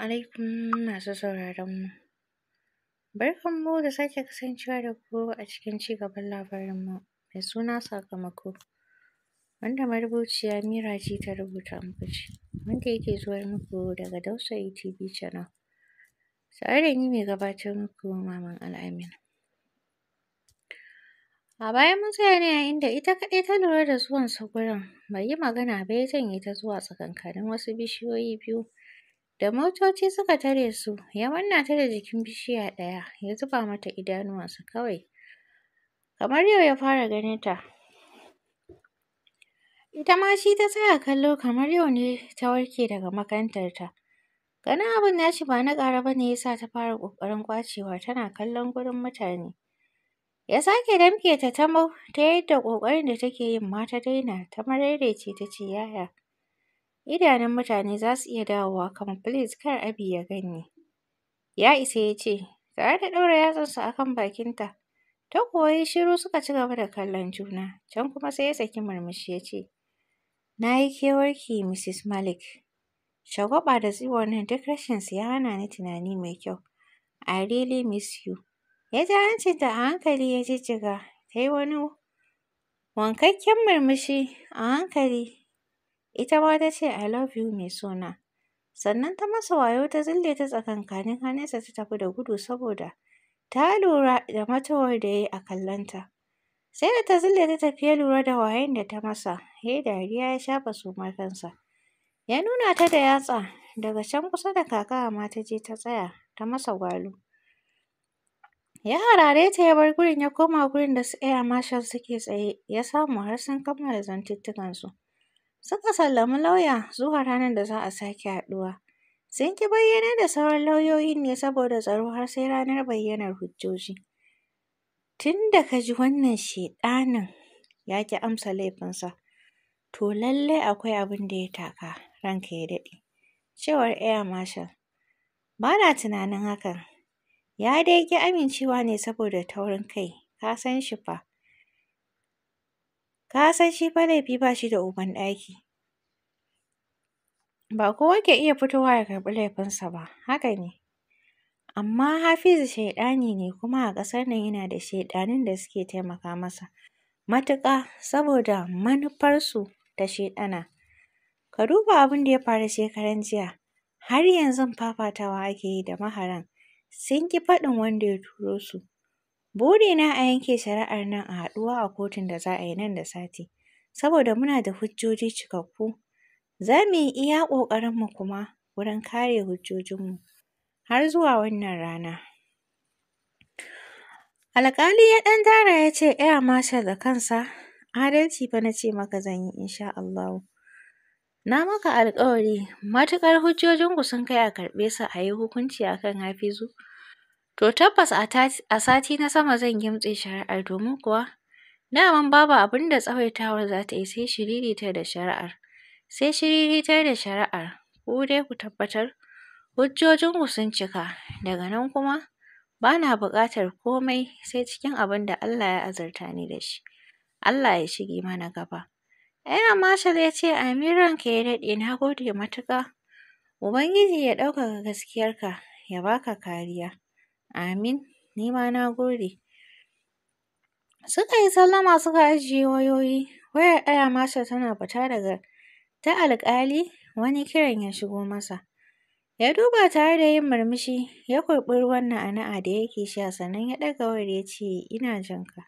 alaikum masu sauraron mu. Barkan mu da sake kasancewa da ku a cikin cigaban gaban labarin mu mai suna sakamako. Wanda marubuciya Mira ce ta rubuta muku shi, wanda yake zuwa muku daga Dausayi TV channel. Tare da ni mai gabatar muku Maman Al'amin. A baya mun tsaya ne a inda ita kaɗai ta lura da zuwan sa bai yi magana ba ya janye ta zuwa tsakankanin wasu bishiyoyi biyu. Da motoci suka tare su, ya manna ta da jikin bishiya ɗaya, ya zuba mata idanuwansa kawai. Kamar yau ya fara ganin ta. Ita ma shi ta tsaya kallo kamar yau ne ta warke daga makantarta. Ganin abin nashi ba na ƙara ba ne ya sa ta fara ƙoƙarin ƙwacewa tana kallon gurin mutane. Ya sake damƙe ta ta ta yadda ƙoƙarin da take yin ma ta daina ta ce ta ce yaya idanun mutane za su iya dawowa kan please kar abi ya ganni. Ya isa ya ce, tare da ɗaura yatsunsa a kan bakinta. Ta kuwa yi shiru suka ci gaba da kallon juna, can kuma sai ya saki murmushi ya ce, Na yi kewarki Mrs. Malik. Shagwaɓa da tsiwon nan duk rashinsu ya hana ni tunani mai kyau. I really miss you. Ya ji hancinta a hankali ya jijjiga, ta yi wani wankakken murmushi a hankali ita ma ta ce I love you mai suna. Sannan ta masa wayo ta zille ta tsakankanin hannunsa ta tafi da gudu saboda ta lura da matawar da ya yi a kallonta. Sai da ta zille ta tafi ya lura da wayen da ta masa, ya dariya ya shafa sumar kansa. Ya nuna ta da yatsa, daga can kusa da kaka ma ta je ta tsaya ta masa gwalo. Ya harare ta ya bar gurin ya koma gurin da su iya Marshal suke tsaye, ya samu har sun kammala zantuttukansu. Suka sallami lauya zuwa ranar da za a sake haɗuwa. Sun ƙi bayyanar da sauran lauyoyin ne saboda tsaro har sai ranar bayyanar hujjoji. Tun da ka ji wannan shaiɗanin ya ƙi amsa laifinsa, to lallai akwai abin da ya taka, ranka ya daɗe, cewar Air Marshal. Ba na tunanin hakan. Ya dai ƙi amincewa ne saboda taurin kai, ka san shi fa. Ka san shi fa laifi ba shi da uban ɗaki. Ba kowa ke iya fitowa ya karɓi laifinsa ba, haka ne. Amma Hafizu shaiɗani ne kuma a ƙasar nan yana da shaiɗanun da suke taimaka masa matuƙa saboda manufarsu ta shaiɗana. Ka duba abin da ya faru shekaran jiya, har yanzu fafatawa ake yi da maharan, sun ƙi faɗin wanda ya turo su. Burina a yanke shari'ar nan a haɗuwa a kotun da za a yi nan da sati, saboda muna da hujjoji cikakku. Za mu yi iya ƙoƙarinmu kuma wurin kare hujjojinmu har zuwa wannan rana. Alƙali ya ɗan dara ya ce Air Marshal da kansa, adalci fa na ce maka zan yi insha Allahu. Na maka alƙawari matuƙar hujjojinku sun kai a karɓe su a yi hukunci a kan Hafizu, To tabbas a sati na sama zan gimtse shari'ar domin kuwa daman babu abin da tsawaitawar za ta yi sai shiriritar da shari'ar. Sai shiriritar da shari'ar, ku dai ku tabbatar hujjojinku sun cika, daga nan kuma ba na buƙatar komai sai cikin abin da Allah ya azarta ni da shi. Allah ya shige mana gaba. Ina Marshal ya ce, Amin ranka ya daɗe, na gode matuƙa. Ubangiji ya ɗaukaka gaskiyarka, ya baka kariya. Amin, ni ma na gode. Suka yi sallama suka ajiye wayoyi, wayar ɗaya masa tana fita daga ta alƙali wani kiran ya shigo masa. Ya duba tare da yin murmushi, ya kurɓi ruwan na'ana da yake sha sannan ya ɗaga wayar ya ce ina jin ka.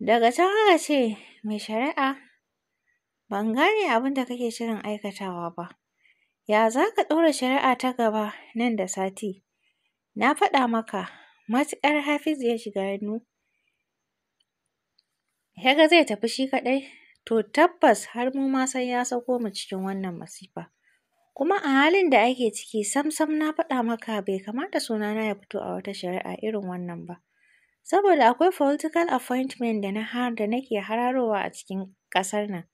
Daga can aka ce mai shari'a ban gane abin da kake shirin aikatawa ba. Ya za ka ɗora shari'a ta gaba nan da sati? Na faɗa maka, matuƙar Hafizu ya shiga hannu, ya ga zai tafi shi kaɗai, to tabbas har mu ma sai ya sauko mu cikin wannan masifa. Kuma a halin da ake ciki samsam na faɗa maka bai kamata sunana ya fito a wata shari'a irin wannan ba. Saboda akwai political appointment da na har da nake hararowa a cikin ƙasar nan.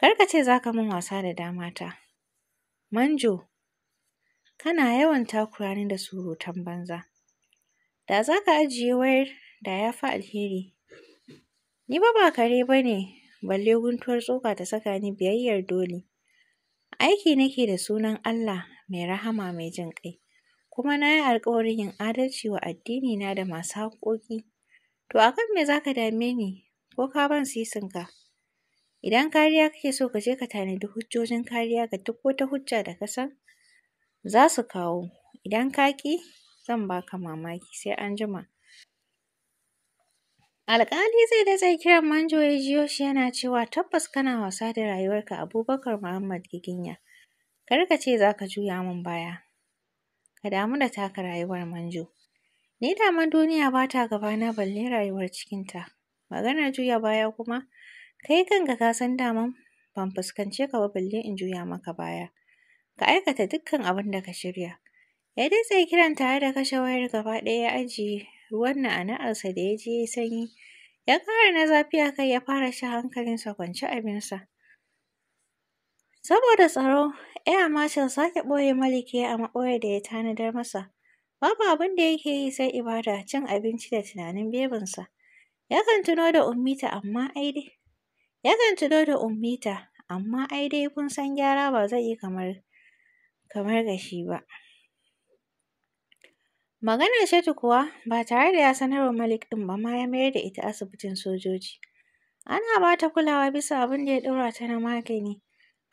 Kar ka ce za ka min wasa da damata. Manjo, kana yawan takura ni da surutan banza. Da za ka ajiye wayar da ya fi alheri. Ni ba ba kare ba ne balle guntuwar tsoka ta saka ni biyayyar dole. Aiki nake da sunan Allah mai rahama mai jin ƙai, kuma na yi alƙawarin yin adalci wa addini na da masu haƙƙoƙi. To a kan me za ka dame ni ko ka ban sisin ka? Idan kariya kake so ka je ka tanadi hujjojin kariya ga duk wata hujja da ka san za su kawo idan ka ƙi zan ba ka mamaki sai anjima. Alƙali zai datse kiran manjo ya jiyo shi yana cewa tabbas kana wasa da rayuwarka Abubakar Muhammad Giginya. Kar ka ce za ka juya min baya. Ka damu da taka rayuwar manjo. Ni daman duniya ba ta na balle rayuwar cikinta. Maganar juya baya kuma kai kanka ka san daman ban fuskance ka ba balle in juya maka baya. ka aikata dukkan abin da ka shirya. Ya sai kiran tare da kashe wayar gaba ɗaya ya ajiye ruwan na'ana'arsa da ya je ya sanyi. Ya ƙara na zafi a kai ya fara shi hankalinsa kwance abinsa. Saboda tsaro, Air Marshal sake ɓoye Maliki a maɓoyar da ya tanadar masa. Babu abin da yake yi sai ibada, cin abinci da tunanin bebinsa. Yakan tuno da Ummita amma ai dai. Yakan tuno da Ummita amma ai dai kun san gyara ba zai yi kamar kamar da shi ba. Maganar Shatu kuwa ba tare da ya sanar wa Malik ɗin ba ma ya mayar da ita asibitin sojoji. Ana ba ta kulawa bisa abin da ya ɗora ta na magani.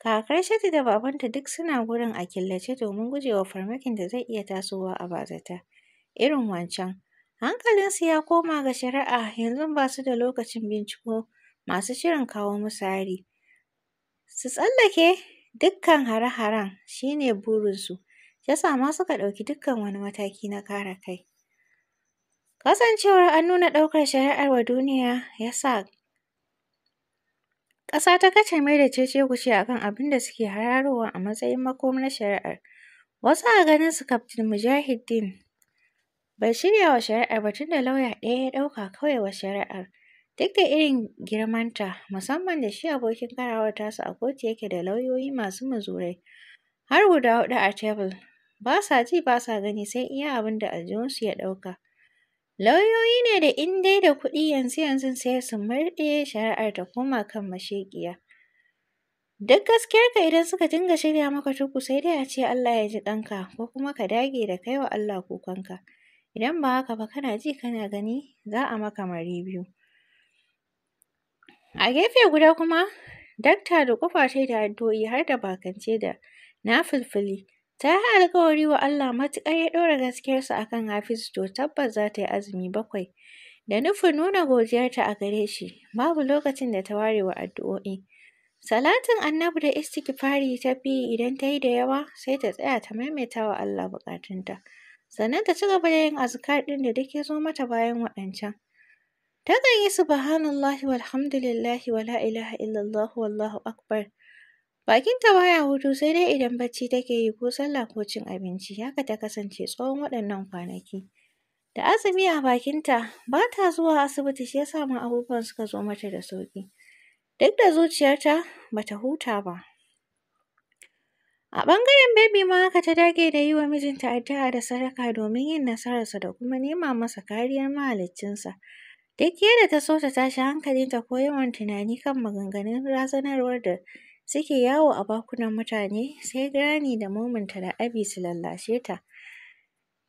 Kakar Shatu da babanta duk suna gurin a killace domin gujewa farmakin da zai iya tasowa a bazata. Irin wancan. Hankalinsu ya koma ga shari'a yanzu ba su da lokacin binciko masu shirin kawo musu hari. Su tsallake Dukkan hare-haren shi ne burinsu, ya sa ma suka ɗauki dukkan wani mataki na kare kai. Kasancewar an nuna ɗaukar shari'ar wa duniya ya sa ƙasa ta mai da cece a kan abin da suke hararowa a matsayin makomar shari'ar. Wasu a ganinsu Kaftin Mujahideen bai shirya wa shari'ar ba tunda lauya ɗaya ya ɗauka kawai wa shari'ar. Duk da irin girmanta, musamman da shi abokin karawar tasu a kotu yake da lauyoyi masu muzurai har guda hudu a tebur, ba sa ji ba sa gani sai iya abin da aljihunsu ya ɗauka. Lauyoyi ne da in dai da kuɗi yanzu yanzu sai su murɗe shari'ar ta koma kan masheƙiya. Duk gaskiyarka idan suka dinga shirya maka tuku sai dai a ce Allah ya ji ɗanka ko kuma ka dage da kai wa Allah kukanka. Idan ba haka ba kana ji kana gani za a maka mari biyu. A gefe guda kuma, dakta da ƙofa tai da addu'o'i har da bakance da nafulfuli. Ta yi alkawari wa Allah matuƙar ya ɗora gaskiyarsa a kan Hafizu to tabbas za ta yi azumi bakwai. Da nufin nuna godiyarta a gare shi, babu lokacin da ta ware wa addu'o'i. Salatin annabi da istighfari ta fi idan ta yi da yawa sai ta tsaya ta maimaita wa Allah buƙatunta. Sannan ta ci gaba da yin azkar ɗin da duk ya zo mata bayan waɗancan. takan yi subhanallahi walhamdulillahi wa ilaha illallah wallahu akbar bakinta baya hutu sai dai idan bacci take yi ko sallah ko cin abinci haka ta kasance tsawon waɗannan kwanaki da azumi a bakinta ba ta zuwa asibiti shi yasa ma abubuwan suka zo mata da sauƙi duk da zuciyarta ba ta huta ba A ɓangaren Baby ma aka ta dage da yi wa mijinta addu'a da sadaka domin yin nasararsa da kuma nema masa kariyar mahaliccinsa Duk yadda ta so ta tashi hankalinta ko yawan tunani kan maganganun razanarwar da suke yawo a bakunan mutane, sai gani da Mominta da Abi su lallashe ta.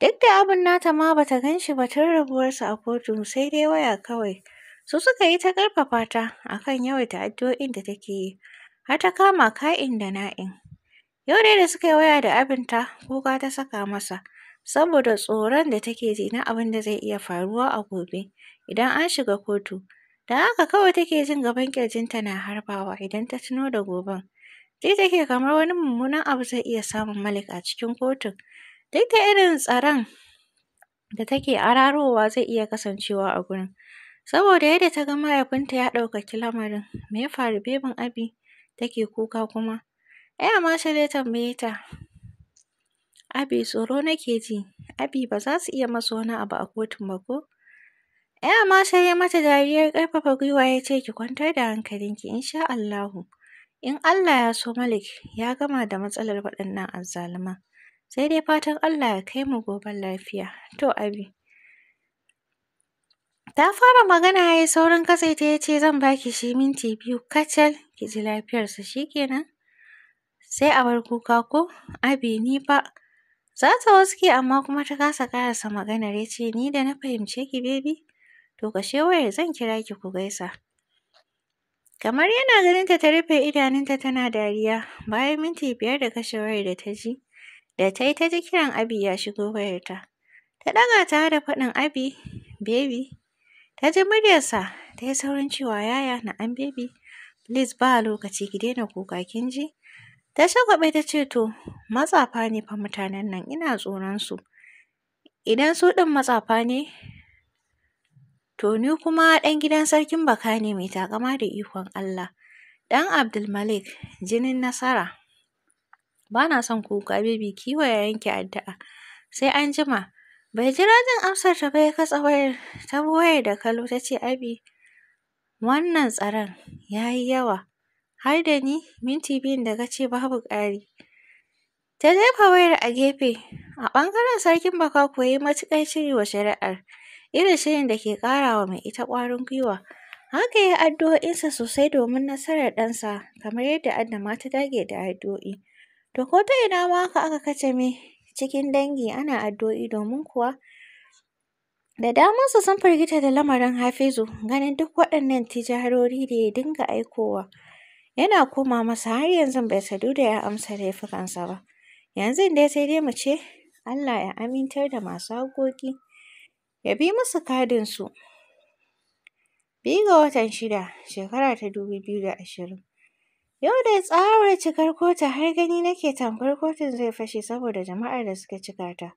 Duk da abin nata ma ba ta gan shi ba tun rabuwarsu a kotu sai dai waya kawai. Su suka yi ta ƙarfafa ta a kan yawaita addu'o'in da take yi, har ta kama ka'in da na'in. Yau dai da suka yi waya da abinta, kuka ta saka masa. saboda tsoron da take ji na abin da zai iya faruwa a gobe idan an shiga kotu. Da haka kawai take jin gaban ƙirjinta na harbawa idan ta tuno da goben. Ji take kamar wani mummunan abu zai iya samun Malik a cikin kotun. Duk da irin tsaron da take ararowa zai iya kasancewa a gurin. Saboda yadda ta ga mahaifinta ya ɗaukaki lamarin, me ya faru bebin Abi? Take kuka kuma. Ai amma sai dai tambaye ta, Abi tsoro nake ji, Abi ba za su iya masa wani abu a kotun ba ko? ‘Ya eh, ma sai ya mata dariyar ƙarfafa gwiwa ya ce ki kwantar da hankalinki insha Allahu. In Allah ya so Malik ya gama da matsalar waɗannan azzaluma. Sai dai fatan Allah ya kai mu goben lafiya. To Abi. Ta fara magana ya yi saurin katsaita ya ce zan baki shi minti biyu kacal ki ji lafiyarsa shi kenan. Sai a bar kuka ko? Abi ni fa Za ta waske amma kuma ta kasa karasa maganar ya ce ni da na fahimce ki bebi to kashe wayar zan kira ki ku gaisa. Kamar yana ganin ta rufe idanunta tana dariya bayan minti biyar da kashe wayar da ta ji da ta yi ta ji kiran Abi ya shigo wayarta. Ta ɗaga ta da faɗin Abi bebi ta ji muryarsa ta yi saurin cewa yaya na'am bebi please ba lokaci ki daina kuka kin ji Ta shagwaɓe ta ce to matsafa ne fa mutanen nan ina tsoron su, Idan su ɗin matsafa ne to ni kuma ɗan gidan sarkin baka ne mai takama da ikon Allah. Ɗan Abdulmalik jinin nasara. Ba na son kuka bibi kiwa ya yanke addu'a. Sai an jima. Bai jira jin amsar ta bai katsa wayar ta wayar da kalo. ta ce abi wannan tsaron ya yi yawa. har da ni minti biyun da ka ce babu ƙari. Ta jefa wayar a gefe, a ɓangaren sarkin baka kuwa ya yi matuƙar shiri wa shari'ar, irin shirin da ke ƙara wa mai ita ƙwarin gwiwa. Haka ya yi addu'o'insa sosai domin nasarar ɗansa, kamar yadda Adna ta dage da addu'o'i. To ko ta ina ma haka aka kacame cikin dangi ana addu'o'i domin kuwa da damansu sun firgita da lamarin Hafizu, ganin duk waɗannan tijarori da ya dinga aikowa. Yana koma masa har yanzu bai sadu da ya amsa laifukansa ba. Yanzu dai sai dai mu ce, Allah ya amintar da masu haƙoƙi, ya bi musu kadinsu. Biyu ga watan shida, shekara ta dubu biyu da ashirin. Yau dai tsawar cikar kotu, har gani nake tamkar kotun zai fashe saboda jama'ar da suka cika ta.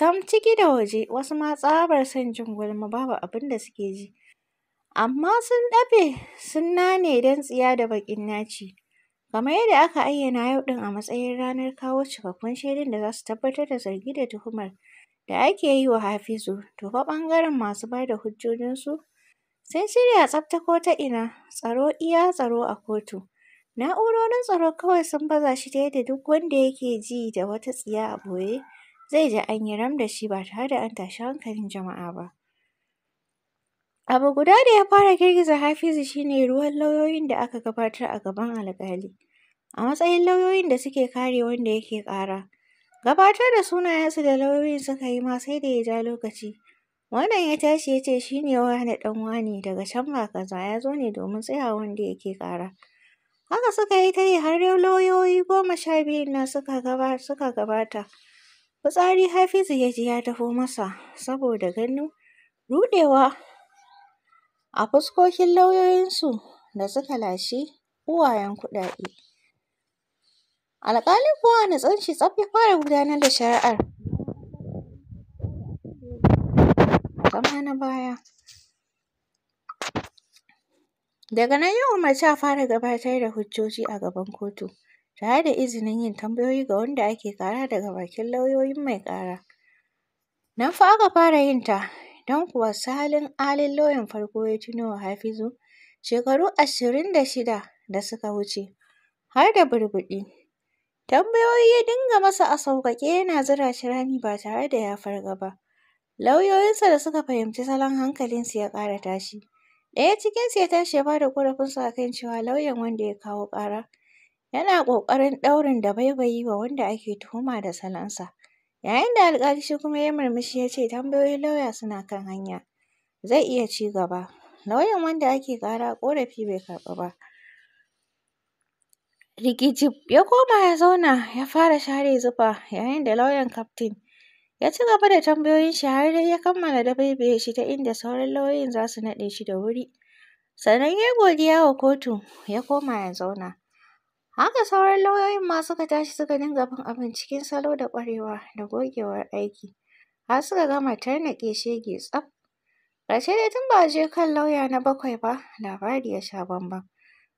tam ciki da waje wasu ma tsabar son jin gulma babu abin da suke ji amma sun ɗabe sun nane don tsiya da baƙin naci kamar yadda aka ayyana yau ɗin a matsayin ranar kawo cikakkun shirin da za su tabbatar da zargi da tuhumar da ake yi wa Hafizu to fa ɓangaren masu ba da hujjojinsu sun shirya tsaf ta ko ta ina tsaro iya tsaro a kotu na'urorin tsaro kawai sun baza shi ta yadda duk wanda yake ji da wata tsiya a ɓoye zai ji an yi ram da shi ba tare da an tashi hankalin jama'a ba. Abu guda da ya fara girgiza Hafizu shine ruwan lauyoyin da aka gabatar a gaban alƙali. A matsayin lauyoyin da suke kare wanda yake ƙara, gabatar da sunayensu da lauyoyin suka yi ma sai da ya ja lokaci. Wannan ya tashi ya ce shi ne wane ɗan wane daga can ba kaza ya zo ne domin tsaya wanda yake ƙara. Haka suka yi ta yi har lauyoyi goma sha biyun nan suka gabata. Fitsari Hafizu ya ji ya taho masa saboda ganin ruɗewa a fuskokin lauyoyinsu da suka lashe uwayen kuɗaɗe. Alƙali kuwa na tsanci shi fara gudanar da shari'ar zama na baya. Daga nan ya umarci a fara gabatar da hujjoji a gaban kotu. tare da izinin yin tambayoyi ga wanda ake ƙara daga bakin lauyoyin mai ƙara. Nan fa aka fara yin ta, don kuwa salin alin lauyan farko ya tuno wa Hafizu shekaru ashirin da shida da suka wuce, har da burbuɗi. Tambayoyi ya dinga masa a sauƙaƙe yana zura shi rami ba tare da ya farga ba. Lauyoyinsa da suka fahimci salon hankalinsu ya ƙara tashi. Ɗaya cikinsu ya tashi ya ba da ƙorafinsa a kan cewa lauyan wanda ya kawo ƙara yana ƙoƙarin ɗaurin da baibayi wa wanda ake tuhuma da salansa. Yayin da alƙalishi kuma ya murmushi ya ce tambayoyin lauya suna kan hanya, zai iya ci gaba. Lauyan wanda ake ƙara ƙorafi bai karɓu ba. Rikici, ya koma ya zauna ya fara share zufa yayin da lauyan kaftin ya ci gaba da tambayoyin shi har dai ya kammala da dabaibaye shi ta inda sauran lauyoyin za su naɗe shi da wuri. Sannan ya godiya wa kotu ya koma ya zauna. Haka sauran lauyoyin ma suka tashi suka dinga bin abin cikin salo da ƙwarewa da gogewar aiki. Har suka gama tarnaƙe shege tsaf. rashe dai tun ba a je kan lauya na bakwai ba, labari ya sha bambam.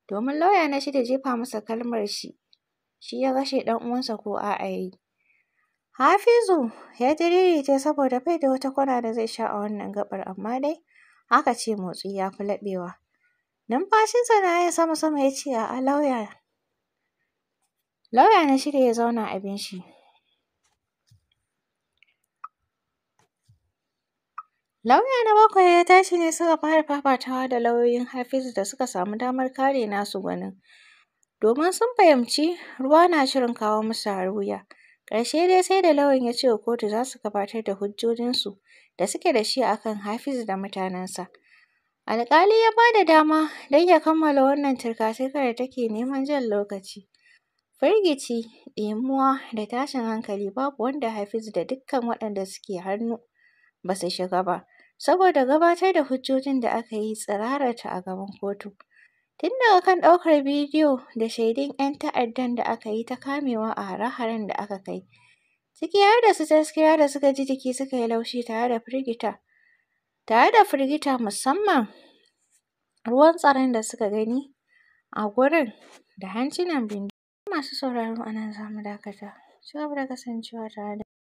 Domin lauya na shida jefa masa kalmar shi, shi ya kashe ɗan uwansa ko a'a ya Hafizu ya ta saboda bai da wata kwana da zai sha a wannan gabar amma dai aka ce motsi ya fi laɓewa. Numfashinsa na yin sama-sama ya ce a'a lauya Lauya na shida ya zauna shi. Lauya na bakwai ya tashi ne suka fara fafatawa da lauyoyin Hafizu da suka samu damar kare nasu gwanin. Domin sun fahimci ruwa na shirin kawo musu har Ƙarshe dai sai da lauyan ya ce wa kotu za su gabatar da hujjojinsu da suke da shi a kan Hafizu da mutanensa. Alƙali ya ba da dama don ya kammala wannan turka-turkar da take neman jan lokaci. Firgici, ɗimuwa da tashin hankali babu wanda Hafiz da dukkan waɗanda suke hannu ba su shiga ba, saboda gabatar da hujjojin da aka yi tsirararta a gaban kotu. Tun daga kan ɗaukar bidiyo da shaidun 'yan ta'addan da aka yi ta kamewa a hare-haren da aka kai, ciki har da su Taskiya da suka ji jiki suka yi laushi tare da firgita, tare da firgita musamman ruwan tsaron da suka gani a gurin da hancinan bindiga. masu sauraro a nan za mu dakata. Ci gaba da kasancewa tare da